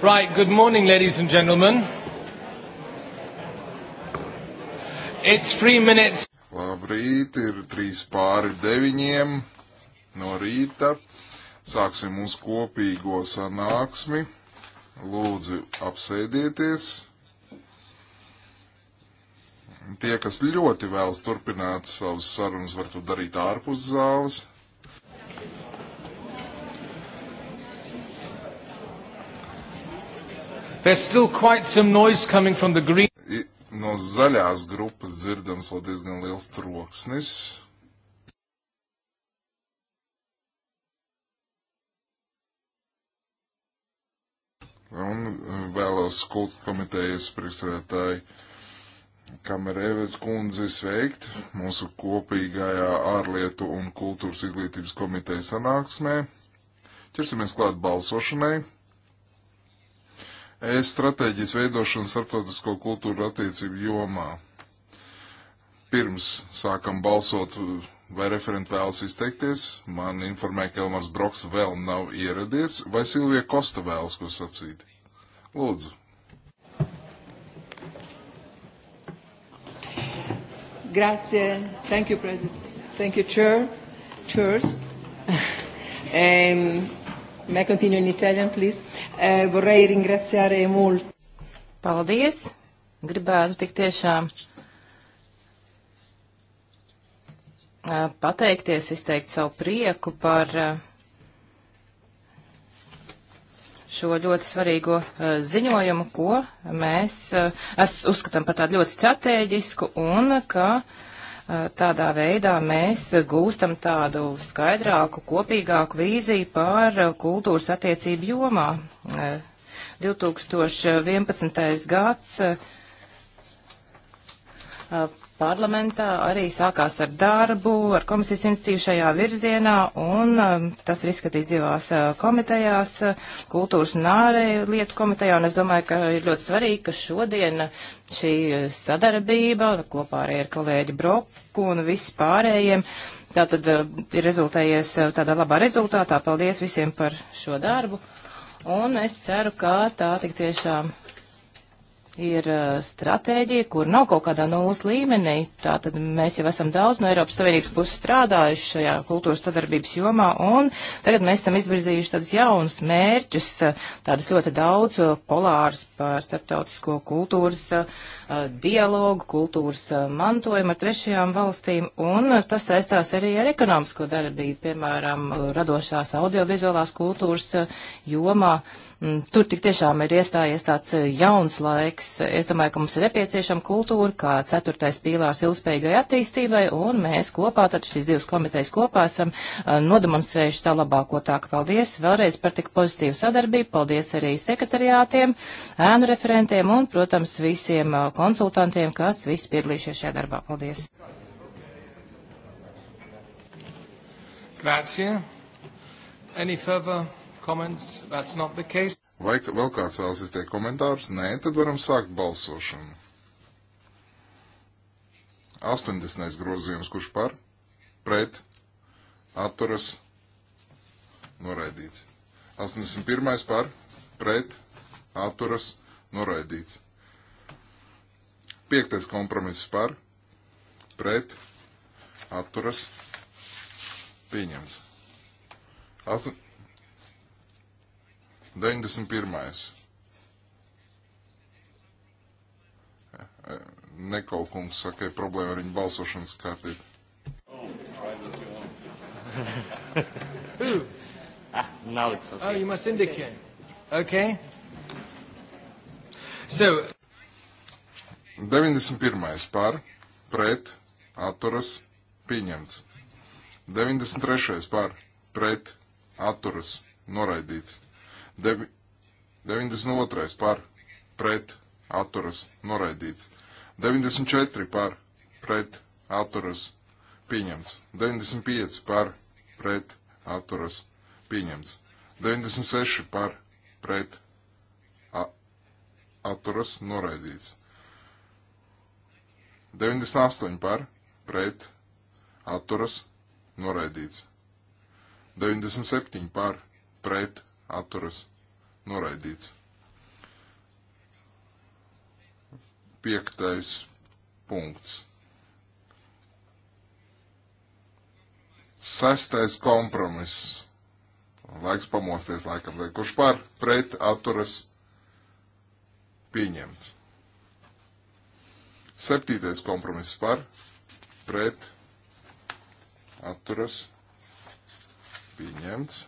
Right, good morning, ladies and gentlemen. It's three minutes. Labrīt, ir trīs pāri deviņiem no rīta. Sāksim mūsu kopīgo sanāksmi. Lūdzu, apsēdieties. Tie, kas ļoti vēlas turpināt savus sarunas, var to darīt ārpus zāles. There's still quite some noise coming from the green. No zaļās grupas dzirdams vēl diezgan liels troksnis. Un e, vēlos kultu komitejas priekšsēdētāji Kamerēvets kundzi sveikt mūsu kopīgajā ārlietu un kultūras izglītības komitejas sanāksmē. Ķersimies klāt balsošanai e-stratēģijas veidošana starptautisko kultūru attiecību jomā. Pirms sākam balsot, vai referenti vēlas izteikties, man informēja, ka Elmars Broks vēl nav ieradies, vai Silvija Kosta vēlas ko sacīt. Lūdzu. Grazie. Thank you, President. Thank you, Chair. Chairs. um, May I continue in Italian, please? Eh, vorrei ringraziare molto. Paldies! Gribētu tik tiešām eh, pateikties, izteikt savu prieku par eh, šo ļoti svarīgo eh, ziņojumu, ko mēs uzskatām par tādu ļoti strateģisku un ka uh, Tādā veidā mēs gūstam tādu skaidrāku, kopīgāku vīziju pār kultūras attiecību jomā. 2011. gads parlamentā arī sākās ar darbu, ar komisijas institīvu šajā virzienā, un um, tas ir izskatīts divās uh, komitejās, uh, kultūras un ārēju lietu komitejā, un es domāju, ka ir ļoti svarīgi, ka šodien uh, šī uh, sadarbība kopā arī ar kolēģi Broku un vispārējiem tātad uh, ir rezultējies uh, tādā labā rezultātā. Paldies visiem par šo darbu, un es ceru, ka tā tik tiešām ir uh, stratēģija, kur nav kaut kādā nulles līmenī. Tātad mēs jau esam daudz no Eiropas Savienības puses strādājuši šajā kultūras sadarbības jomā, un tagad mēs esam izvirzījuši tādus jaunus mērķus, uh, tādas ļoti daudz uh, polārus par starptautisko kultūras dialogu, kultūras mantojumu ar trešajām valstīm, un tas saistās arī ar ekonomisko darbību, piemēram, radošās audiovizuālās kultūras jomā. Mm, tur tik tiešām ir iestājies tāds eh, jauns laiks. Es domāju, ka mums ir nepieciešama kultūra kā ceturtais pīlārs ilgspējīgai attīstībai, un mēs kopā, tad šīs divas komitejas kopā esam eh, nodemonstrējuši savu labāko tā, ka paldies vēlreiz par tik pozitīvu sadarbību, paldies arī sekretariātiem, ēnu referentiem un, protams, visiem eh, konsultantiem, kas visi piedalījušies šajā darbā. Paldies! Grazie. Any further? comments? That's not the case. Vai vēl kāds vēlas izteikt komentārus? Nē, tad varam sākt balsošanu. 80. grozījums, kurš par, pret, atturas, noraidīts. 81. par, pret, atturas, noraidīts. 5. kompromiss par, pret, atturas, pieņemts. 8. 91. Nekaukungs saka, ka problēma ar viņu balsošanas kārtību. ah, now it's okay. Oh, you must indicate. Okay. So. 91. par, pret, atturas, pieņemts. 93. par, pret, atturas, noraidīts. Devi, 92. par pret atturas noraidīts. 94 par pret atturas pieņemts. 95 par pret atturas pieņemts. 96 par pret atturas noraidīts. 98 par pret atturas noraidīts. 97 par pret atturas noraidīts. Piektais punkts. Sestais kompromiss. Laiks pamosties laikam. Kurš par pret atturas pieņemts. Septītais kompromiss par pret atturas pieņemts.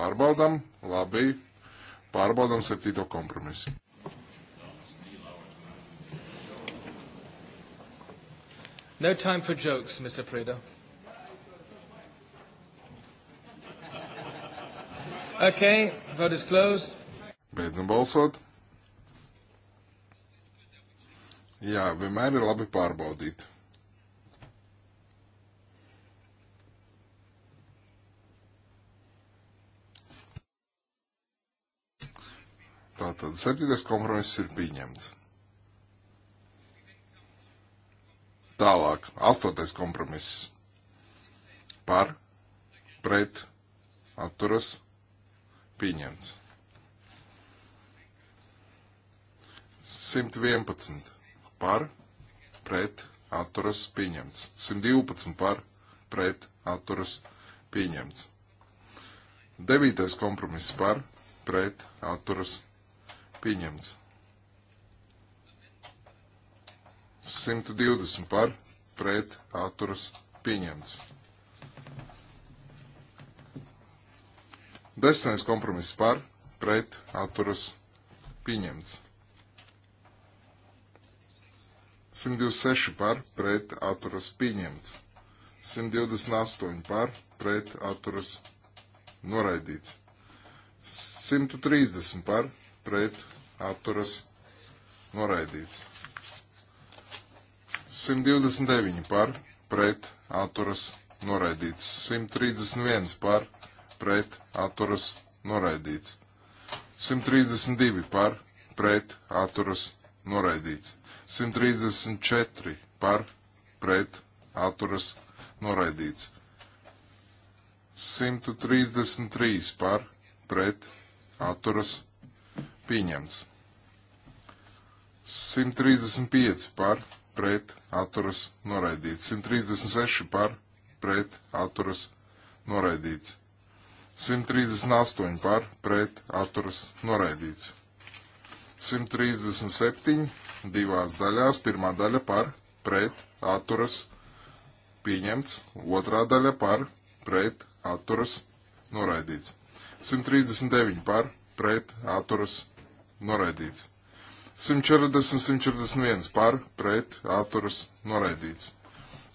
Pārbaudam, labi, pārbaudam septīto kompromisu. No time for jokes, Mr. Preda. Okay, vote is closed. Beidzam balsot. Jā, vienmēr ir labi pārbaudīt. Tātad septītais kompromiss ir pieņemts. Tālāk, astotais kompromiss par, pret, atturas, pieņemts. 111 par, pret, atturas, pieņemts. 112 par, pret, atturas, pieņemts. Devītais kompromiss par, pret, atturas, pieņemts. Pieņemts. 120 par pret atturas pieņemts. Desmitais kompromiss par pret atturas pieņemts. 126 par pret atturas pieņemts. 128 par pret atturas noraidīts. 130 par pret atturas noraidīts. 129 par pret atturas noraidīts. 131 par pret atturas noraidīts. 132 par pret atturas noraidīts. 134 par pret atturas noraidīts. 133 par pret atturas noraidīts pieņemts. 135 par pret atturas noraidīts. 136 par pret atturas noraidīts. 138 par pret atturas noraidīts. 137 divās daļās. Pirmā daļa par pret atturas pieņemts. Otrā daļa par pret atturas noraidīts. 139 par pret atturas noraidīts. 140, 141 par, pret, atturas, noraidīts.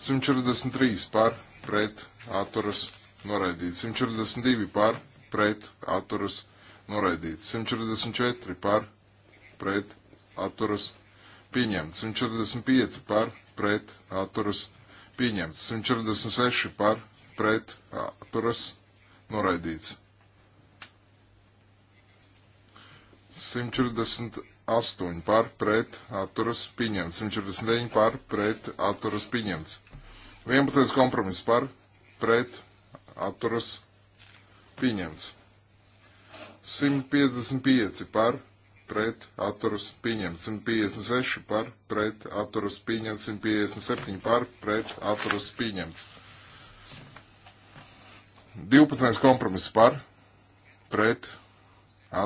143 par, pret, atturas, noraidīts. 142 par, pret, atturas, noraidīts. 144 par, pret, atturas, pieņemts. 145 par, pret, atturas, pieņemts. 146 par, pret, atturas, noraidīts. 148 par pret atturas pieņemts, 149 par pret atturas pieņemts. 11. kompromiss par pret atturas pieņemts. 155 par pret atturas pieņemts, 156 par pret atturas pieņemts, 157 par pret atturas pieņemts. 12. kompromiss par pret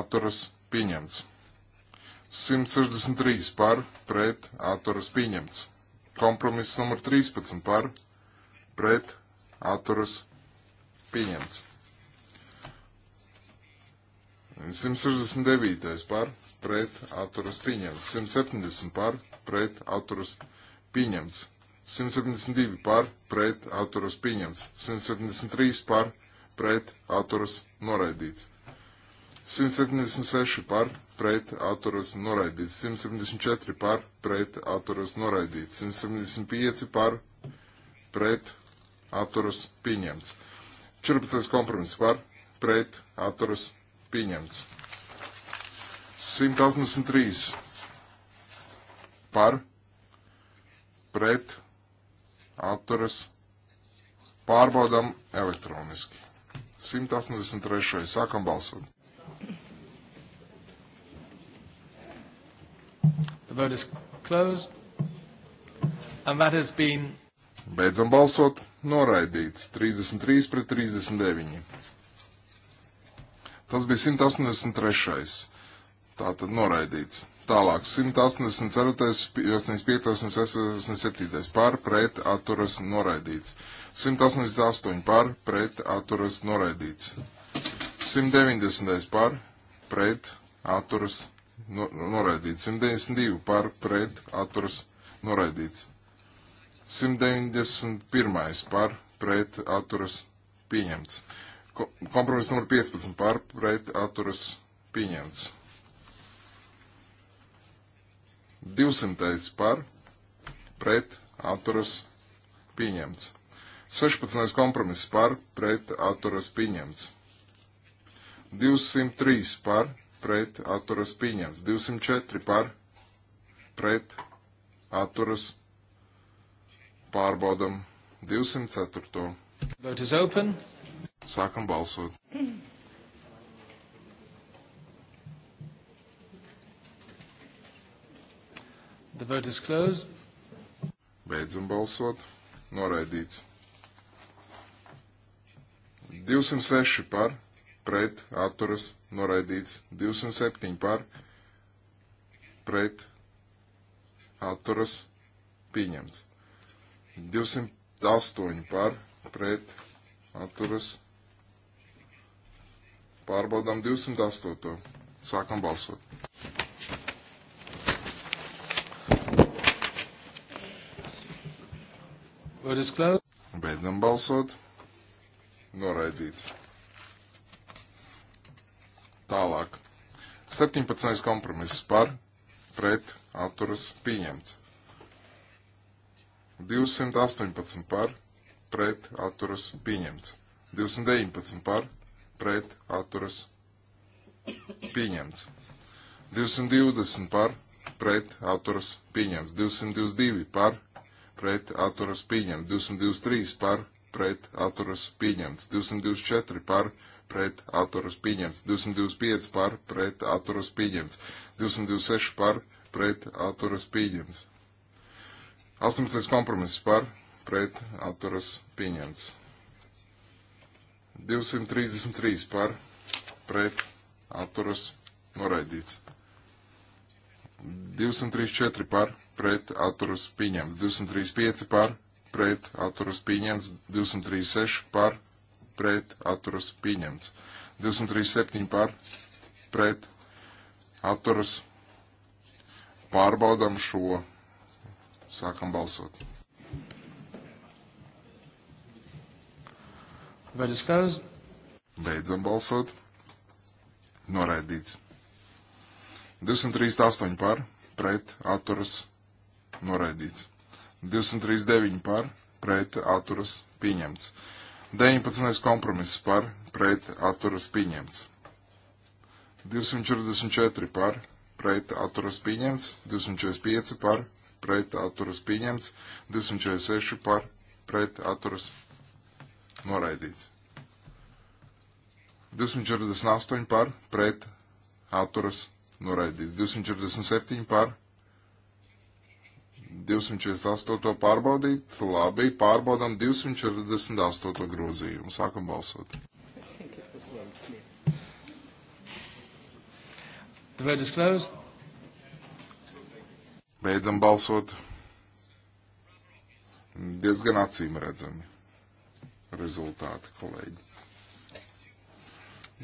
atturas pieņemts pieņemts. 163 par, pret, atturas pieņemts. Kompromiss numur 13 par, pret, atturas pieņemts. 169 par, pret, atturas pieņemts. 170 par, pret, atturas pieņemts. 172 par, pret, atturas pieņemts, 173 par, pret, atturas noraidīts, 176 par pret atturas noraidīts, 174 par pret atturas noraidīts, 175 par pret atturas pieņemts. 14. kompromiss par pret atturas pieņemts. 183 par pret atturas pārbaudām elektroniski. 183. Sākam balsot. Vote is closed. And that has been. Beidzam balsot. Noraidīts. 33 pret 39. Tas bija 183. Tātad noraidīts. Tālāk 184, 185, 187 par pret atturas noraidīts. 188 par pret atturas noraidīts. 190 par pret atturas noraidīts noraidīts. 192 par pret atturas noraidīts. 191 par pret atturas pieņemts. Kompromiss numur 15 par pret atturas pieņemts. 200 par pret atturas pieņemts. 16. kompromiss par pret atturas pieņemts. 203 par pret atturas pieņemts. 204 par pret atturas pārbaudam 204. Vote is open. Sākam balsot. The vote is closed. Beidzam balsot. Noraidīts. 206 par pret atturas noraidīts 207 par pret atturas pieņemts. 208 par pret atturas pārbaudām 208. Sākam balsot. Beidzam balsot. Noraidīts. Tālāk. 17. kompromiss par, pret, atturas pieņemts. 218 par, pret, atturas pieņemts. 219 par, pret, atturas pieņemts. 220 par, pret, atturas pieņemts. 222 par, pret, atturas pieņemts. 223 par, pret atturas pieņemts, 224 par pret atturas pieņemts, 225 par pret atturas pieņemts, 226 par pret atturas pieņemts. 18 kompromiss par pret atturas pieņemts. 233 par pret atturas noraidīts. 234 par pret atturas pieņemts, 235 par pret atturas pieņemts, 236 par pret atturas pieņemts, 237 par pret atturas pārbaudam šo, sākam balsot. Beidzam balsot. Noraidīts. 238 par, pret, atturas, noraidīts. 239 par, pret atturas pieņemts. 19. kompromiss par, pret atturas pieņemts. 244 par, pret atturas pieņemts. 245 par, pret atturas pieņemts. 246 par, pret atturas noraidīts. 248 par, pret atturas noraidīts. 247 par, 248. pārbaudīt. Labi, pārbaudām 248. grozījumu. Sākam balsot. Beidzam balsot. Diezgan acīm redzami rezultāti, kolēģi.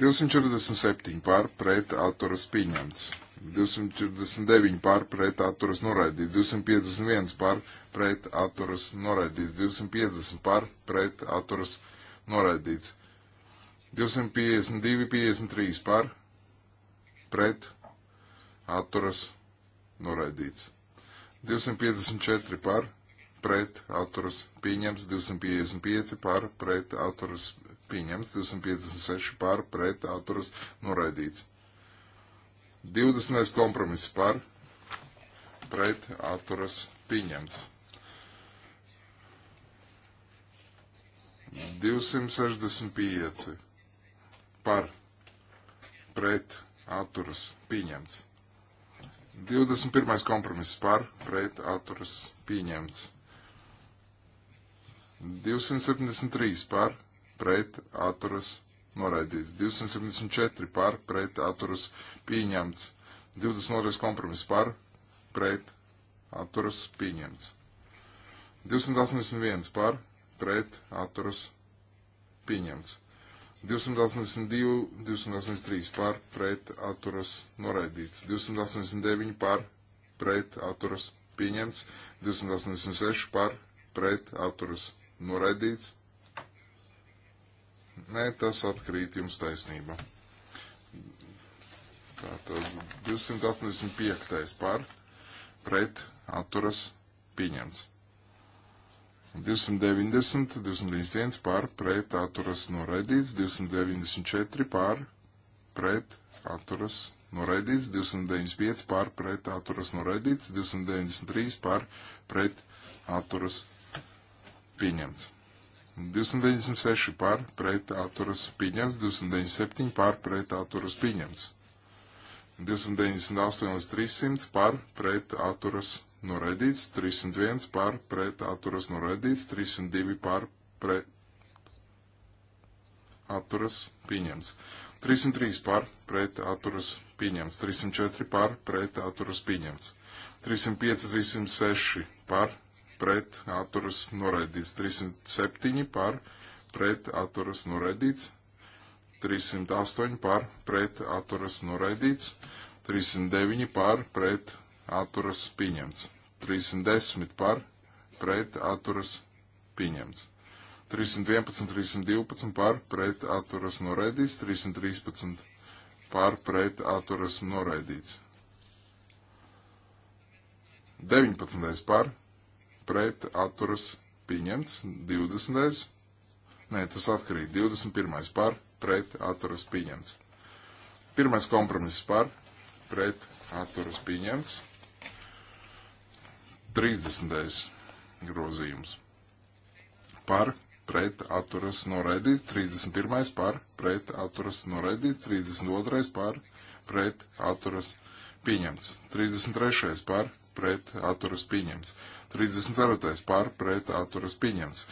247 pār pret atturas pieņemts. 249 pār pret atturas noraidīts, 251 pār pret atturas noraidīts, 250 pār pret atturas noraidīts, 252, 53 pār pret atturas noraidīts, 254 pār pret atturas pieņemts, 255 pār pret atturas pieņemts, 256 pār pret atturas noraidīts. 20. kompromiss par pret atturas pieņemts. 265 par pret atturas pieņemts. 21. kompromiss par pret atturas pieņemts. 273 par pret atturas noraidīts. 274 par pret atturas pieņemts. 22. kompromiss par pret atturas pieņemts. 281 par pret atturas pieņemts. 282, 283 par pret atturas noraidīts. 289 par pret atturas pieņemts. 286 par pret atturas noraidīts. Nē, tas atkrīt jums taisnība. Tātad 285. par pret atturas pieņemts. 290, 291 par pret atturas noraidīts, 294 par pret atturas noraidīts, 295 par pret atturas noraidīts, 293 par pret atturas pieņemts. 296 par pret atturas pieņemts, 297 par pret atturas pieņemts, 298 līdz 300 par pret atturas noraidīts, 301 par pret atturas noraidīts, 302 par pret atturas pieņemts, 303 par pret atturas pieņemts, 304 par pret atturas pieņemts, 305, 306 par pret atturas noraidīts, 307 par pret atturas noraidīts, 308 par pret atturas noraidīts, 309 par pret atturas pieņemts, 310 par pret atturas pieņemts. 311, 312 par pret atturas noraidīts, 313 par pret atturas noraidīts. 19. par pret atturas pieņemts. 20. Nē, tas atkarīgi. 21. par pret atturas pieņemts. Pirmais kompromiss par pret atturas pieņemts. 30. grozījums par pret atturas noraidīts, 31. par pret atturas noraidīts, 32. par pret atturas pieņemts, 33. par pret atturas pieņems. 34. par pret atturas pieņems.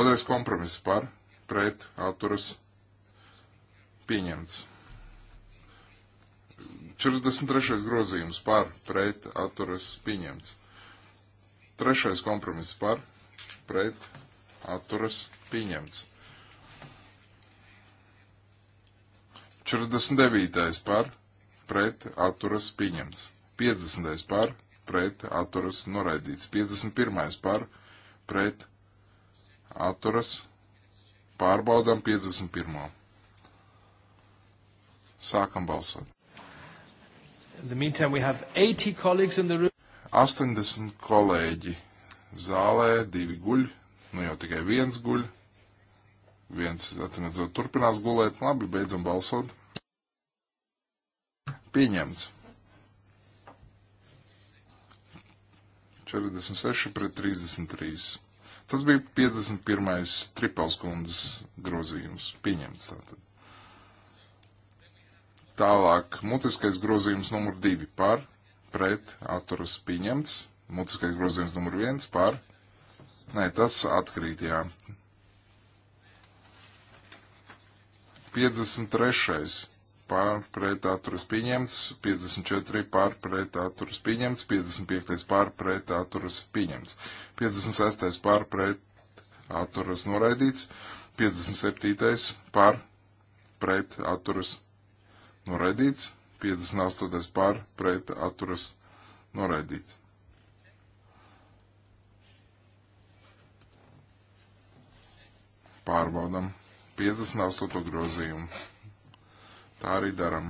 Otrais kompromiss par pret atturas pieņemts. 43. grozījums par pret atturas pieņemts. Trešais kompromiss par pret atturas pieņemts. 49. par pret atturas pieņemts. 50. par pret atturas noraidīts. 51. par pret atturas pārbaudām 51. Sākam balsot. 80 kolēģi zālē, divi guļ, nu jau tikai viens guļ, viens, atcīmredzot, turpinās gulēt, labi, beidzam balsot. Pieņemts. 46 pret 33. Tas bija 51. tripels kundzes grozījums. Pieņemts tātad. Tālāk, mutiskais grozījums numur 2 par, pret, atturas pieņemts. Mutiskais grozījums numur 1 par. Nē, tas atkrīt, jā. 53 pār pret atturas pieņemts, 54 pār pret atturas pieņemts, 55 pār pret atturas pieņemts, 56 pār pret atturas noraidīts, 57 pār pret atturas noraidīts, 58 pār pret atturas noraidīts. Pārbaudam 58 grozījumu. Tā arī daram.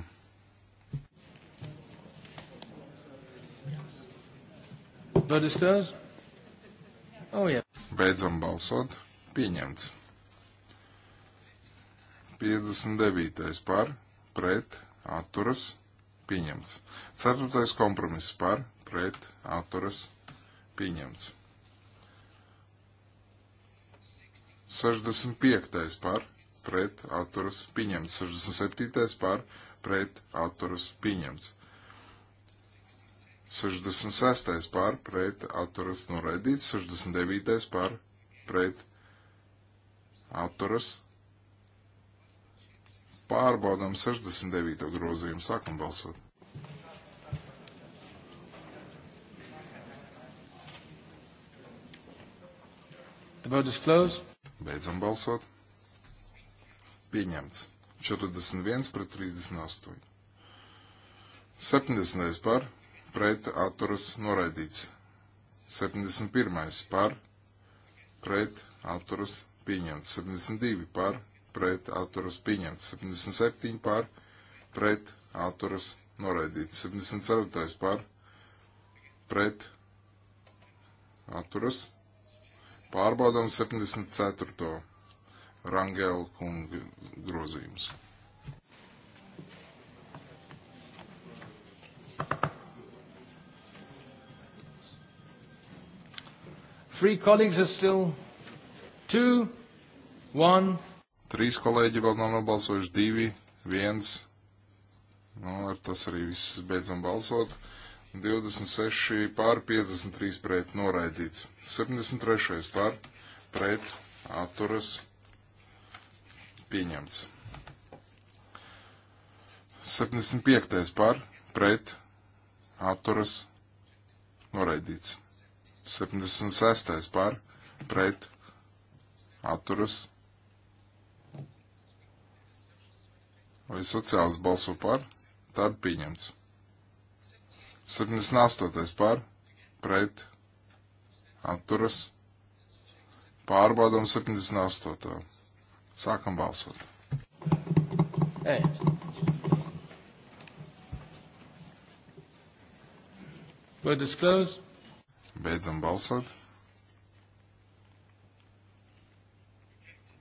Oh, yeah. Beidzam balsot. Pieņemts. 59. par, pret, atturas, pieņemts. 4. kompromiss par, pret, atturas, pieņemts. 65. par, pret atturas pieņemts. 67. par pret atturas pieņemts. 66. par pret atturas noraidīts, 69. par pret atturas. Pārbaudām 69. grozījumu, sākam balsot. The vote is closed. Beidzam balsot. Pieņemts. 41 pret 38. 70. par pret atturas noraidīts. 71. par pret atturas pieņemts. 72 par pret atturas pieņemts. 77 par pret atturas noraidīts. 74. par pret atturas. Pārbaudām 74. Rangela kunga grozījumus. Three colleagues are still two, one. Trīs kolēģi vēl nav nobalsojuši divi, viens. Nu, ar tas arī viss beidzam balsot. 26 pār 53 pret noraidīts. 73 pār pret atturas pieņemts. 75. par, pret, atturas, noraidīts. 76. par, pret, atturas. Vai sociāls balso par, tad pieņemts. 78. par, pret, atturas. Pārbaudām 78. Sākam balsot. Ei. Vote is closed. Beidzam balsot.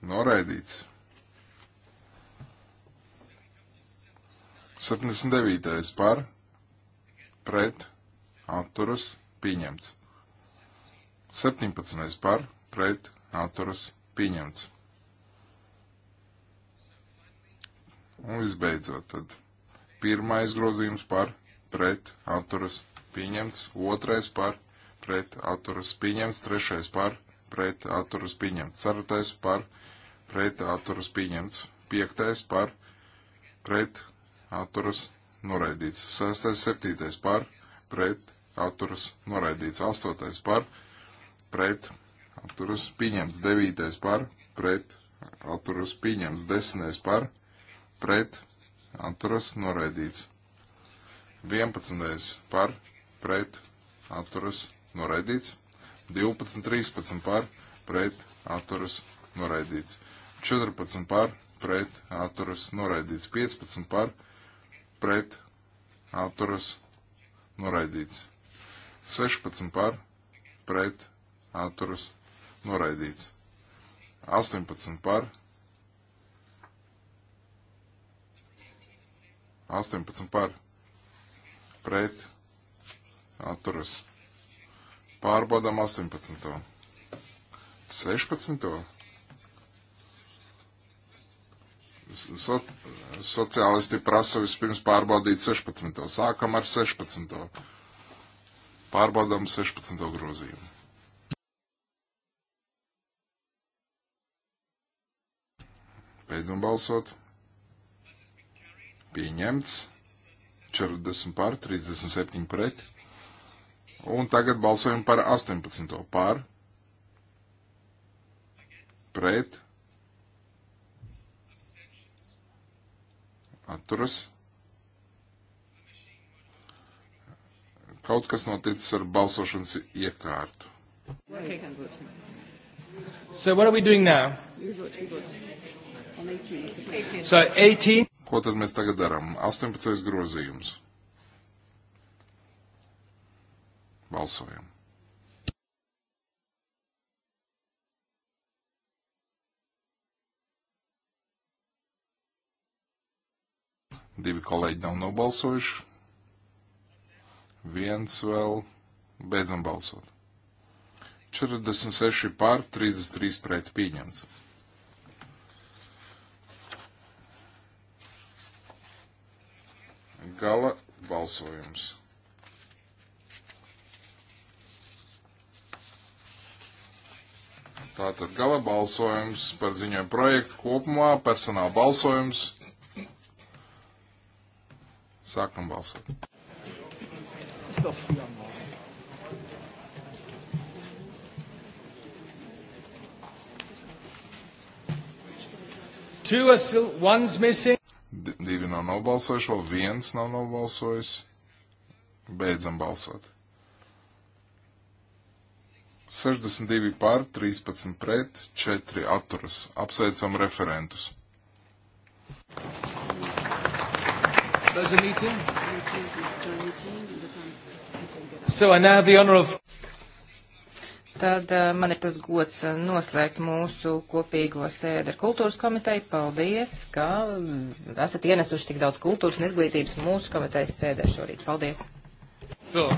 Noraidīts. 79. par, pret, atturas, pieņemts. 17. par, pret, atturas, pieņemts. Un visbeidzot, tad pirmais grozījums par pret atturas pieņemts, otrais par pret atturas pieņemts, trešais par pret atturas pieņemts, ceturtais par pret atturas pieņemts, piektais par pret atturas noraidīts, sestais, septītais par pret atturas noraidīts, astotais par pret atturas pieņemts, devītais par pret atturas pieņemts, desmitais par pret pret, atturas, noraidīts. 11. par, pret, atturas, noraidīts. 12, 13 par, pret, atturas, noraidīts. 14 par, pret, atturas, noraidīts. 15 par, pret, atturas, noraidīts. 16 par, pret, atturas, noraidīts. 18 par, 18 par pret atturas. Pārbaudām 18. 16. So, sociālisti prasa vispirms pārbaudīt 16. Sākam ar 16. Pārbaudām 16. grozījumu. Beidzam balsot pieņemts 40 par, 37 pret. Un tagad balsojam par 18. par, pret, atturas. Kaut kas noticis ar balsošanas iekārtu. Okay. So what are we doing now? So 18. Ko tad mēs tagad darām? 18. grozījums. Balsojam. Divi kolēģi nav nobalsojuši. Viens vēl. Beidzam balsot. 46 pār, 33 pret pieņemts. Gala balsojums. Tātad gala balsojums par ziņojumu projektu kopumā, personāla balsojums. Sākam balsot. Two are still, one's missing nav nobalsojis, vēl viens nav nobalsojis. Beidzam balsot. 62 pār, 13 pret, 4 atturas. Apsveicam referentus. So I now have the honor of tad uh, man ir tas gods eh, noslēgt mūsu kopīgo sēdi ar kultūras komiteju. Paldies, ka esat ienesuši tik daudz kultūras un izglītības mūsu komitejas sēdē šorīt. Paldies! So.